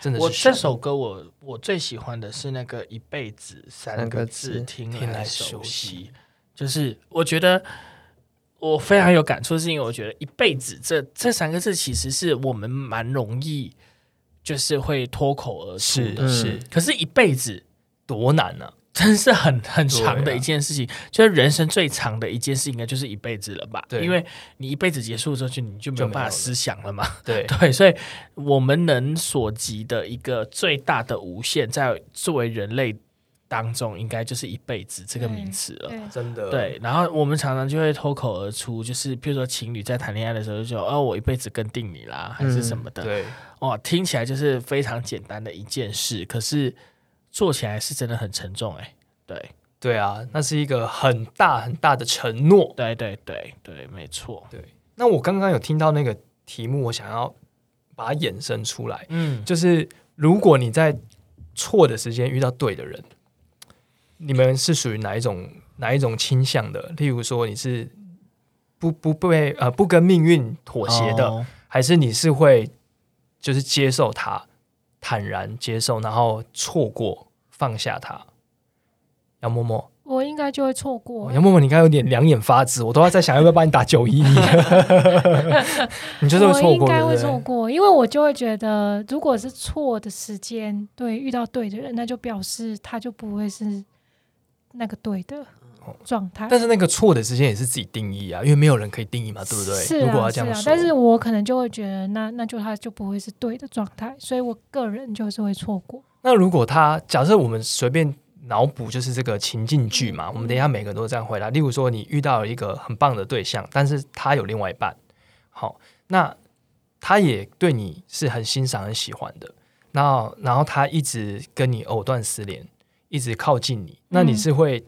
真的是，我這首歌我我最喜歡的是那個一輩子三個字，那個、字聽起來熟悉，就是我覺得我非常有感觸，是因為我覺得一輩子這、嗯、這三個字其實是我們蠻容易。就是會脫口而出的，是，嗯、可是，一輩子多難呢、啊？真是很很長的一件事情，啊、就是人生最長的一件事，應該就是一輩子了吧？對，因為你一輩子結束之後，就你就沒有辦法思想了嘛。了對，對，所以，我們能所及的一個最大的無限，在作為人類。當中應該就是一輩子這個名詞了，真的、啊、對。然後我們常常就會脫口而出，就是譬如說情侶在談戀愛的時候就說哦，我一輩子跟定你啦，還是什麼的。嗯、對哦，聽起來就是非常簡單的一件事，可是做起來是真的很沉重哎、欸。對對啊，那是一個很大很大的承諾。對對對對，對，沒錯。對，那我剛剛有聽到那個題目，我想要把它衍生出來。嗯，就是如果你在錯的時間遇到對的人，你們是屬於哪一種哪一種傾向的？例如說，你是不不被呃不跟命運妥協的、哦，還是你是會就是接受他，坦然接受，然後錯過放下他？楊默默，我應該就會錯過。哦、楊默默，你剛剛有點兩眼發直，我都要在想要不要把你打九一一。 <laughs> <laughs> <laughs> 你覺得會錯過，我應該會錯過，對對，因為我就會覺得，如果是錯的時間對，遇到對的人，那就表示他就不會是。那個對的狀態，但是那個錯的時間也是自己定義啊，因為沒有人可以定義嘛，對不對？是啊，如果要這樣說。是啊，但是我可能就會覺得那，那那就他就不會是對的狀態，所以我個人就是會錯過。那如果他假設我們隨便腦補，就是這個情境劇嘛、嗯，我們等一下每個人都這樣回答。例如說，你遇到了一個很棒的對象，但是他有另外一半，好、哦，那他也對你是很欣賞、很喜歡的，那然，然後他一直跟你藕斷絲連。一直靠近你，那你是會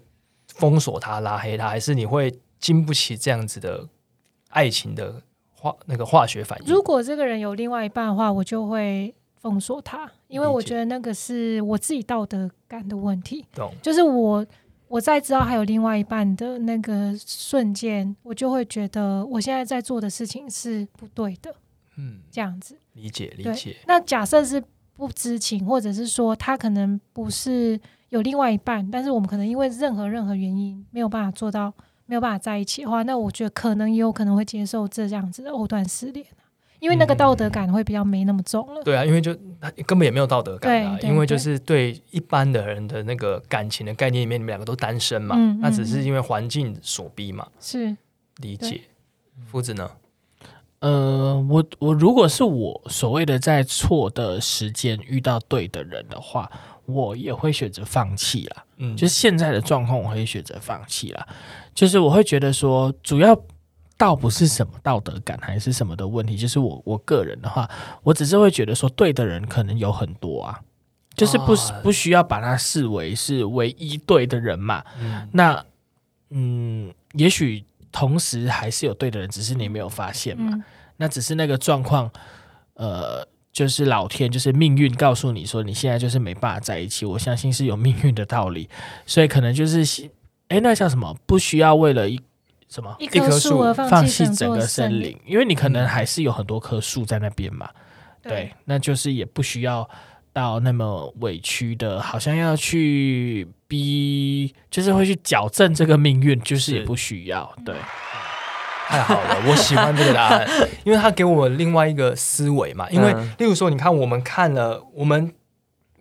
封鎖他，嗯，拉黑他，還是你會經不起這樣子的愛情的化那個化學反應？如果這個人有另外一半的話，我就會封鎖他，因為我覺得那個是我自己道德感的問題。懂，就是我我再知道還有另外一半的那個瞬間，我就會覺得我現在在做的事情是不對的。嗯，這樣子理解理解。那假設是不知情，或者是說他可能不是，嗯。有另外一半，但是我們可能因為任何任何原因沒有辦法做到，沒有辦法在一起的話，那我覺得可能也有可能會接受這樣子的藕斷絲連，啊，因為那個道德感會比較沒那麼重了。嗯、對啊，因為就根本也沒有道德感，啊對。對，因為就是對一般的人的那個感情的概念裡面，你們兩個都單身嘛，那只是因為環境所逼嘛，是、嗯嗯、理解。夫子呢？呃，我我如果是我所謂的在錯的時間遇到對的人的話。我也會選擇放棄了，嗯，就是現在的狀況，我會選擇放棄了。就是我會覺得說，主要倒不是什麼道德感還是什麼的問題，就是我我個人的話，我只是會覺得說，對的人可能有很多啊，就是不、哦、不需要把他視為是唯一對的人嘛。嗯，那嗯，也許同時還是有對的人，只是你沒有發現嘛。嗯、那只是那個狀況，呃。就是老天，就是命運告訴你說你現在就是沒辦法在一起。我相信是有命運的道理，所以可能就是，哎、欸，那叫什麼？不需要為了一什麼一棵樹放棄整個森林，嗯，因為你可能還是有很多棵樹在那邊嘛，對。對，那就是也不需要到那麼委屈的，好像要去逼，就是會去矯正這個命運，就是也不需要。對。 <laughs> 太好了，我喜歡這個答案，因為他給我另外一個思維嘛。因為，嗯、例如說，你看，我們看了，我們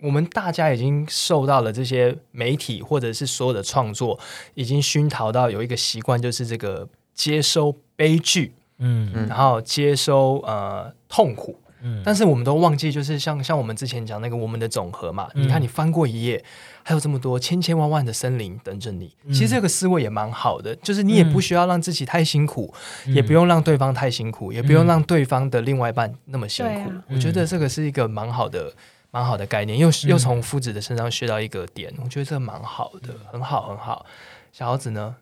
我們大家已經受到了這些媒體或者是所有的創作，已經熏陶到有一個習慣，就是這個接收悲劇，嗯，然後接收呃痛苦。但是我們都忘記，就是像像我們之前講那個我們的總和嘛。嗯、你看，你翻過一頁，還有這麼多千千萬萬的森林等着你、嗯。其實這個思維也蠻好的，就是你也不需要讓自己太辛苦，嗯、也不用讓對方太辛苦、嗯，也不用讓對方的另外一半那麼辛苦。嗯、我覺得這個是一個蠻好的、蠻好的概念，又又從夫子的身上學到一個點，嗯、我覺得這蠻好的，很好，很好。小豪子呢，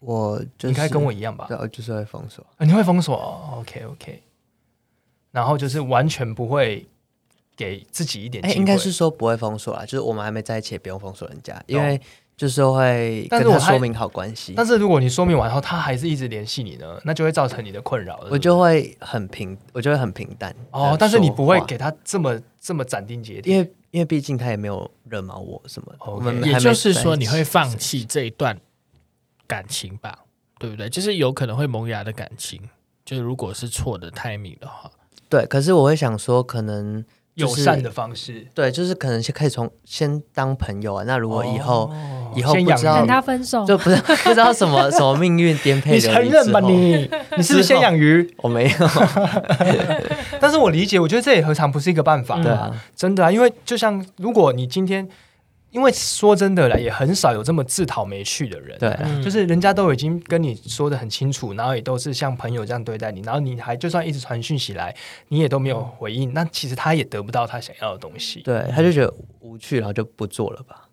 我應、就、該、是、跟我一樣吧？我就是會封鎖、啊。你會封鎖？OK，OK。OK, OK 然後就是完全不會給自己一點，哎，應該是說不會封鎖啦，就是我們還沒在一起，也不用封鎖人家。哦、因為就是會跟，是我跟他說明好關係。但是如果你說明完後，他還是一直聯繫你呢？那就會造成你的困擾。對對，我就會很平，我就會很平淡哦。但是你不會給他這麼、哦、這麼斬釘截鐵，因為因為畢竟他也沒有惹毛我什麼的。Okay, 我們沒也就是說，你會放棄這一段感情吧？對不對？就是有可能會萌芽的感情，就是如果是錯的太 g 的話。對，可是我會想說，可能、就是、友善的方式，對，就是可能先可以從先當朋友啊。那如果以後、哦哦、以後不知道他分手， <laughs> 就不是知 <laughs> 不知道什麼 <laughs> 什麼命運顛沛。你承認吧，你你是不是先養魚？我沒有，但是我理解，我覺得這也何嘗不是一個辦法對啊、嗯！真的、啊，因為就像如果你今天。因為說真的了，也很少有這麼自討沒趣的人。對、啊嗯，就是人家都已經跟你說的很清楚，然後也都是像朋友這樣對待你，然後你還就算一直傳訊息來，你也都沒有回應、嗯，那其實他也得不到他想要的東西。對，他就覺得無趣，然後就不做了吧。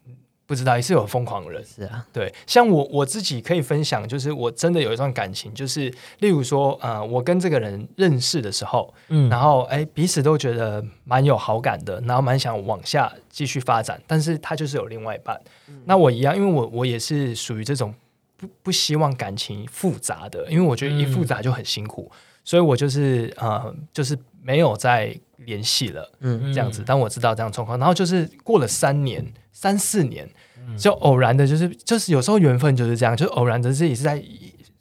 不知道，也是有瘋狂的人是啊，對，像我我自己可以分享，就是我真的有一段感情，就是例如說，呃，我跟這個人認識的時候，嗯，然後哎，彼此都覺得蠻有好感的，然後蠻想往下繼續發展，但是他就是有另外一半，嗯、那我一樣，因為我我也是屬於這種不不希望感情複雜的，因為我覺得一複雜就很辛苦，嗯、所以我就是呃，就是沒有再聯繫了，嗯,嗯,嗯，這樣子。但我知道這樣狀況，然後就是過了三年。三四年，就偶然的，就是就是有時候緣分就是這樣，就是、偶然的，自己是在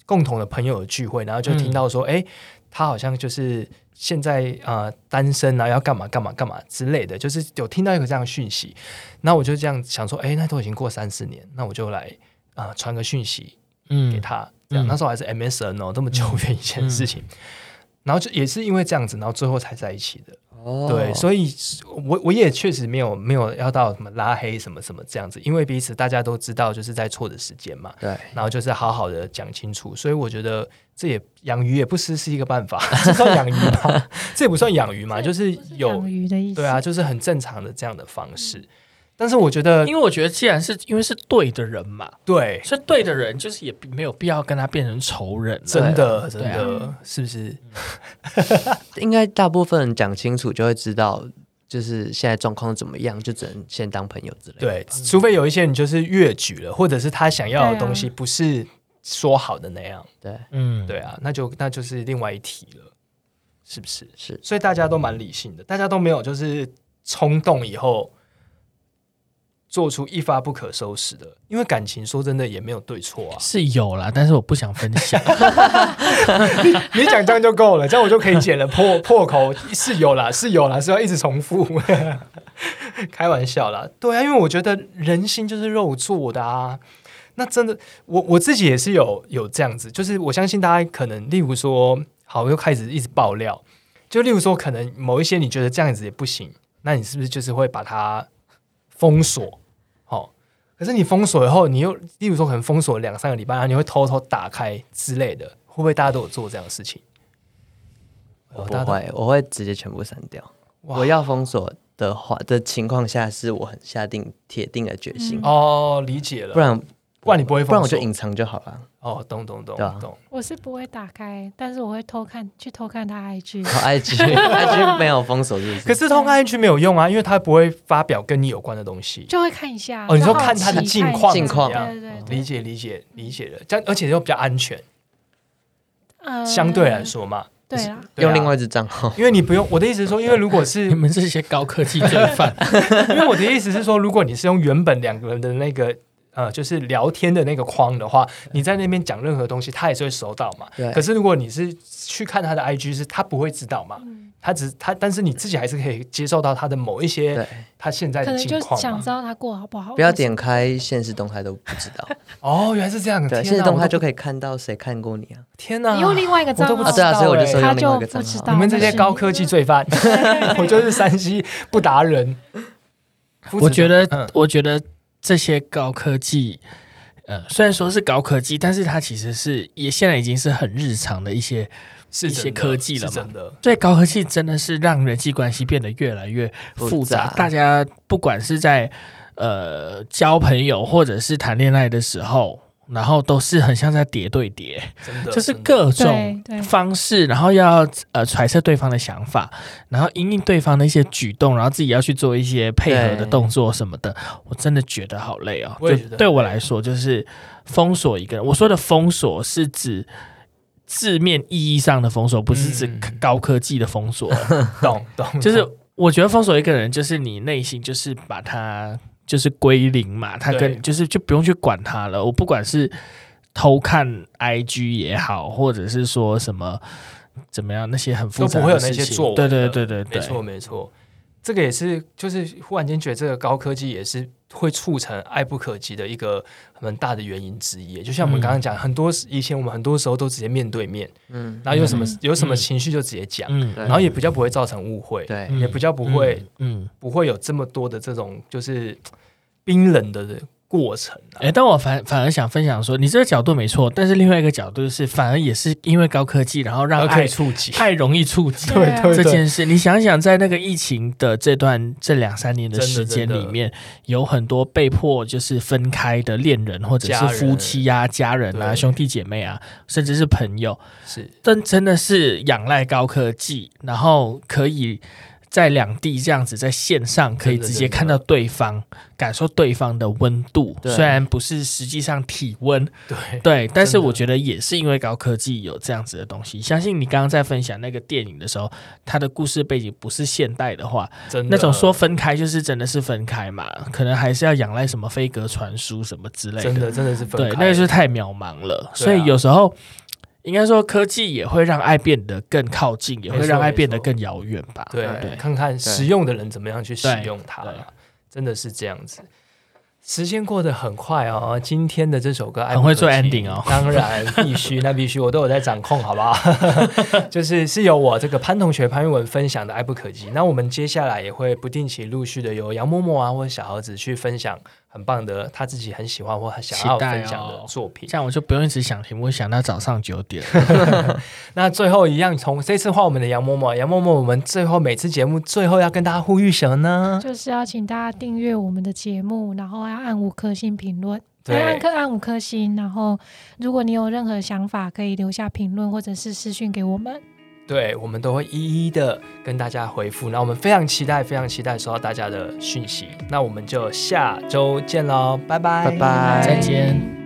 共同的朋友的聚會，然後就聽到說，哎、嗯欸，他好像就是現在啊、呃、單身啊，然後要幹嘛幹嘛幹嘛之類的，就是有聽到一個這樣的訊息，那我就這樣想說，哎、欸，那都已經過三四年，那我就來啊傳、呃、個訊息，嗯，給他，那時候還是 MSN 哦、喔，這麼久遠一件事情、嗯，然後就也是因為這樣子，然後最後才在一起的。對，所以我，我我也確實沒有沒有要到什麼拉黑什麼什麼這樣子，因為彼此大家都知道就是在錯的時間嘛，對，然後就是好好的講清楚，所以我覺得這也養魚也不失是一個辦法， <laughs> 這算養魚嗎？ <laughs> 這也不算養魚嘛，嗯，就是有是對啊，就是很正常的這樣的方式。嗯但是我覺得，因為我覺得既然是因為是對的人嘛，對，是對的人，就是也沒有必要跟他變成仇人。真的，真的，對、啊、是不是？嗯、 <laughs> 應該大部分講清楚就會知道，就是現在狀況怎麼樣，就只能先當朋友之類的。對，除非有一些人就是越矩了，或者是他想要的東西不是說好的那樣。對啊、對，嗯，對啊，那就那就是另外一題了，是不是？是，所以大家都蠻理性的、嗯，大家都沒有就是衝動以後。做出一發不可收拾的。因為感情說真的也沒有對錯啊，是有啦，但是我不想分享。 <laughs> <laughs> 你，你講這樣就夠了，這樣我就可以剪了破破口。是有啦，是有啦，是要一直重複。 <laughs> 開玩笑啦，對啊，因為我覺得人心就是肉做的啊。那真的，我我自己也是有有這樣子，就是我相信大家可能，例如說，好又開始一直爆料，就例如說，可能某一些你覺得這樣子也不行，那你是不是就是會把它封鎖，好、哦。可是你封鎖以後，你又，例如說可能封鎖兩三個禮拜，然後你會偷偷打開之類的，會不會大家都有做這樣的事情？我不會，我會直接全部刪掉。我要封鎖的話的情況下，是我很下定鐵定的決心。嗯、哦，理解了。不然。不然你不會封，不然我就隱藏就好了、啊。哦，懂懂懂懂我是不會打開，但是我會偷看，去偷看他 IG。好、oh,，IG，IG <laughs> 沒有封鎖的意思。 <laughs> 可是偷看 IG 沒有用啊，因為他不會發表跟你有關的東西。就會看一下。哦，你說看他的近況。近況，對對對,對、oh, 理，理解理解理解的。這樣而且又比較安全、呃。相對來說嘛對。對啊。用另外一支賬號， <laughs> 因為你不用。我的意思是說，因為如果是 <laughs> 你們是些高科技罪犯。 <laughs> <laughs> 因為我的意思是說，如果你是用原本兩個人的那個。呃、嗯，就是聊天的那個框的話、嗯，你在那邊講任何東西，他也是會收到嘛。可是如果你是去看他的 IG，是他不會知道嘛？嗯、他只他，但是你自己還是可以接受到他的某一些，他現在的近況可能就想知道他過好不好，好不好。不要點開限時動態都不知道。 <laughs> 哦，原來是這樣。的，限時動態就可以看到誰看過你啊！天哪！你用另外一個賬號、啊啊、所以我就說用另外一個帳號，他就不知道。你們這些高科技罪犯， <laughs> <laughs> 我就是 3C 不達人。 <laughs> 我覺得， <laughs> 嗯、我覺得。這些高科技，呃，雖然說是高科技，但是它其實是也現在已經是很日常的一些是一些科技了嘛。真的，真的，所以高科技真的是讓人際關係變得越來越複雜，複雜。大家不管是在呃交朋友，或者是談戀愛的時候。然後都是很像在疊對疊，就是各種方式，然後要呃揣測對方的想法，然後引領對方的一些舉動，然後自己要去做一些配合的動作什麼的。我真的覺得好累哦累，就對我來說就是封鎖一個人。我說的封鎖是指字面意義上的封鎖，不是指高科技的封鎖。懂、嗯、懂， <laughs> 就是我覺得封鎖一個人，就是你內心就是把他。就是歸零嘛，他跟就是就不用去管他了。我不管是偷看 IG 也好，或者是說什麼怎麼樣，那些很複雜的事情，都不會有那些，對對對對，沒錯沒錯，這個也是，就是忽然間覺得這個高科技也是。會促成愛不可及的一個很大的原因之一，就像我們剛剛講，很多以前我們很多時候都直接面對面，嗯，然後有什麼有什麼情緒就直接講，嗯，然後也比較不會造成誤會，對，也比較不會，嗯，不會有這麼多的這種就是冰冷的人。過程哎、啊欸，但我反反而想分享說，你這個角度沒錯，但是另外一個角度就是，反而也是因為高科技，然後讓愛觸及太容易觸及 <laughs> 對、啊、這件事。你想想，在那個疫情的這段這兩三年的時間裡面真的真的，有很多被迫就是分開的戀人，或者是夫妻啊、家人、家人啊、兄弟姐妹啊，甚至是朋友，是真真的是仰賴高科技，然後可以。在兩地這樣子在線上可以直接看到對方，真的真的感受對方的溫度，雖然不是實際上體溫，對，對，但是我覺得也是因為高科技有這樣子的東西。相信你剛剛在分享那個電影的時候，它的故事背景不是現代的話，真的那種說分開就是真的是分開嘛，可能還是要仰賴什麼飛鴿傳書什麼之類的，真的，真的是分開。對，那就是太渺茫了。啊，所以有時候。應該說，科技也會讓愛變得更靠近，也會讓愛變得更遙遠吧。對。對，看看使用的人怎麼樣去使用它。真的是這樣子。時間過得很快哦，今天的這首歌愛很會做 ending 哦，當然必須， <laughs> 那必須我都有在掌控，好不好？ <laughs> 就是是由我這個潘同學潘裕文分享的《愛不可及》，那我們接下來也會不定期陸續的由楊默默啊或者小豪子去分享。很棒的，他自己很喜歡或很想要分享的作品哦。這樣我就不用一直想題目，想到早上九點。 <laughs> <laughs> <laughs> 那最後一樣，從這次畫我們的楊嬤嬤，楊嬤嬤，我們最後每次節目最後要跟大家呼籲什麼呢？就是要請大家訂閱我們的節目，然後要按五顆星評論。對，按顆按五顆星。然後如果你有任何想法，可以留下評論或者是私訊給我們。對，我們都會一一的跟大家回復。那我們非常期待，非常期待收到大家的訊息。那我們就下周見嘍，拜拜，拜拜，再見。